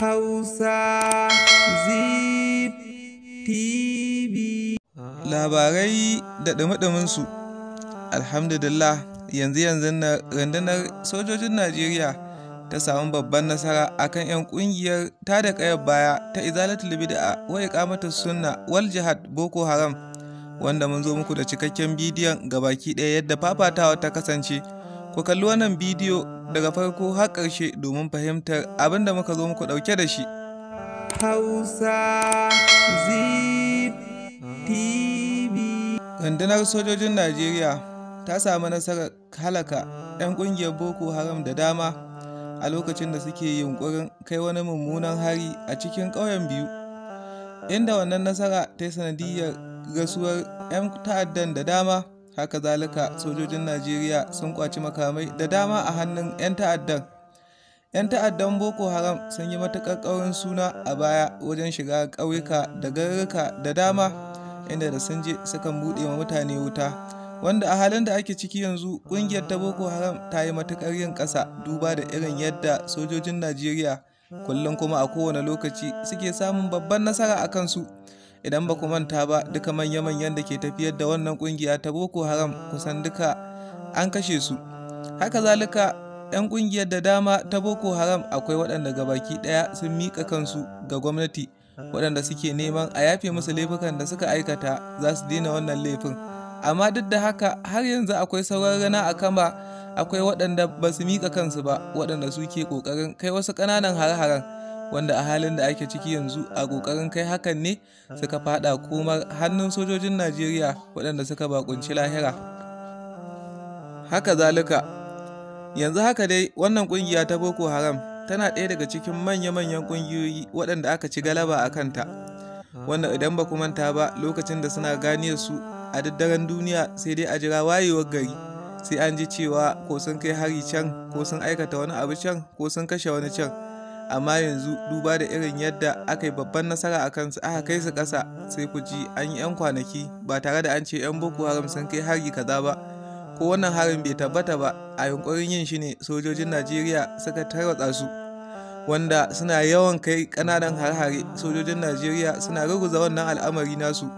Hausa ZTV labarai da ɗumi su Alhamdulillah yanzu yanzu na rundunar sojojin Najeriya ta samu babban nasara akan 'yan ƙungiyar ta da ƙayar baya ta izalatul bid'a wa iqamatus sunna wal jihad Boko Haram wanda mun zo muku da cikakken bidiyon ga baki ɗaya yadda fafatawa ta kasance. Ku kalli wannan bidiyo daga farko har ƙarshe domin fahimtar abin da muka zo muku ɗauke da shi. Hausa ZTV Rundunar sojojin Najeriya ta samu nasarar halaka 'yan ƙungiyar Boko Haram da dama a lokacin da suke yunƙurin kai wani mummunan hari a cikin ƙauyen biyu, inda wannan nasara ta yi sanadiyar rasuwar 'yan ta'addan da dama. haka zalika sojojin najeriya sun kwaci makamai da dama a hannun 'yan ta'addan 'yan ta'addan boko haram sun yi matuƙar ƙaurin suna a baya wajen shiga ƙauyuka da garuruka da dama inda da sun je sukan buɗe wa mutane wuta wanda a halin da ake ciki yanzu ƙungiyar ta boko haram ta yi matuƙar yin ƙasa duba da irin yadda sojojin najeriya kullum kuma a kowane lokaci suke samun babban nasara a kansu idan ba ku manta ba duka manya-manyan da ke tafiyar da wannan kungiya ta boko haram kusan duka an kashe su haka zalika 'yan kungiyar da dama ta boko haram akwai waɗanda baki ɗaya sun miƙa kansu ga gwamnati waɗanda suke neman a yafe musu laifukan da suka aikata za su daina wannan laifin amma duk da haka har yanzu akwai sauran rana a kama akwai waɗanda ba su miƙa kansu ba waɗanda suke ƙoƙarin kai wasu ƙananan har-haren wanda a halin da ake ciki yanzu a kokarin kai hakan ne suka fada komar hannun sojojin najeriya waɗanda suka bakunci lahira haka zalika yanzu haka dai wannan ƙungiya ta boko haram tana ɗaya daga cikin manya-manyan ƙungiyoyi waɗanda aka ci galaba a kanta wanda idan ba manta ba lokacin da suna ganiyar su a daddaren duniya sai dai a jira wayewar gari sai an ji cewa ko sun kai hari can ko sun aikata wani abu can ko sun kashe wani can amma yanzu duba da irin yadda aka yi babban nasara a kansu aka kai su ƙasa sai ku ji an yi 'yan kwanaki ba tare da an ce 'yan boko haram sun kai hari kaza ba ko wannan harin bai tabbata ba a yunkurin yin shi ne sojojin najeriya suka tarwatsa su wanda suna yawan kai kananan har sojojin najeriya suna ruguza wannan al'amari nasu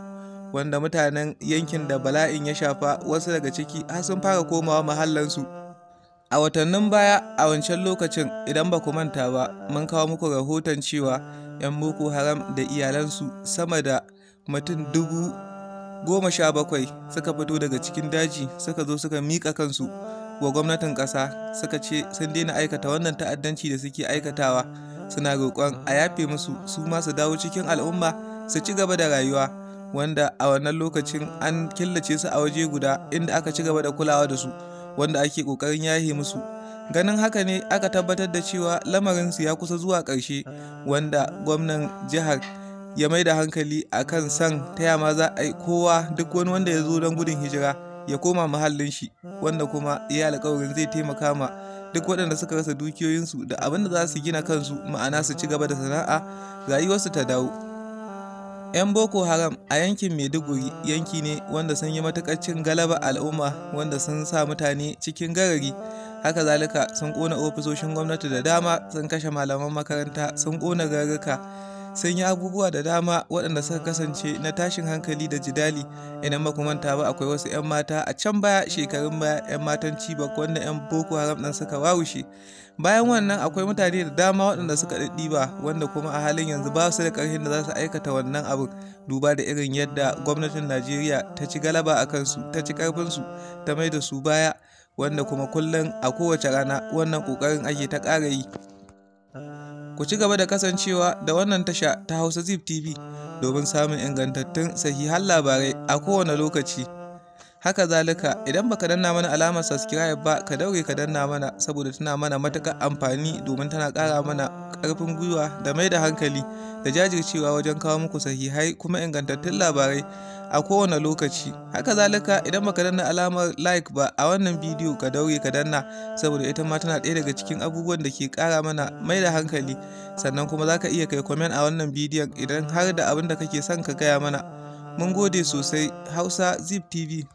wanda mutanen yankin da bala'in ya shafa wasu daga ciki har sun fara komawa mahallansu A watannin baya a wancan lokacin idan ba ku manta ba mun kawo muku rahoton cewa 'yan Boko Haram da iyalansu sama da mutum dubu goma sha bakwai suka fito daga cikin daji suka zo suka miƙa kansu wa gwamnatin ƙasa suka ce sun daina aikata wannan ta'addanci da suke aikatawa suna roƙon a yafe musu su ma su dawo cikin al'umma su ci gaba da rayuwa wanda a wannan lokacin an killace su a waje guda inda aka ci gaba da kulawa da su. wanda ake kokarin yahe musu ganin haka ne aka tabbatar da cewa lamarinsu ya kusa zuwa karshe wanda gwamnan jihar ya mai da hankali a kan san ta yama za a yi kowa duk wani wanda ya zo don gudun hijira ya koma muhallin shi wanda kuma ya alkawarin zai taimaka ma duk waɗanda suka rasa dukiyoyinsu da abin da za su gina kansu ma'ana su ci gaba da sana'a rayuwarsu ta dawo 'Yan Boko Haram a yankin Maiduguri yanki ne wanda sun yi matuƙar cin galaba al'umma wanda sun sa mutane cikin garari. Haka zalika sun kona ofisoshin gwamnati da dama sun kashe malaman makaranta sun ƙona garuruka. sun yi abubuwa da dama waɗanda suka kasance na tashin hankali da jidali idan makumanta ba akwai wasu 'yan mata a can baya shekarun baya 'yan matan cibak wanda 'yan boko haram ɗin suka wawushe bayan wannan akwai mutane da dama waɗanda suka ba wanda kuma a halin yanzu ba su da ƙarfin da za su aikata wannan abin duba da irin yadda gwamnatin najeriya ta ci galaba a kansu ta ci ƙarfinsu ta mai da su baya wanda kuma kullum a kowace rana wannan ƙoƙarin ake ta ƙara yi Ku ci gaba da kasancewa da wannan tasha ta Hausa Zip TV domin samun ingantattun sahihan labarai a kowane lokaci. haka zalika idan baka danna mana alamar subscribe ba ka daure ka danna mana saboda tana mana matuƙar amfani domin tana kara mana karfin gwiwa da mai da hankali da jajircewa wajen kawo muku sahihai kuma ingantattun labarai a kowane lokaci haka zalika idan baka danna alamar like ba a wannan bidiyo ka daure ka danna saboda ita ma tana ɗaya daga cikin abubuwan da ke kara mana mai da hankali sannan kuma zaka iya kai comment a wannan bidiyon idan har da abin da kake son ka gaya mana mun gode sosai hausa zip tv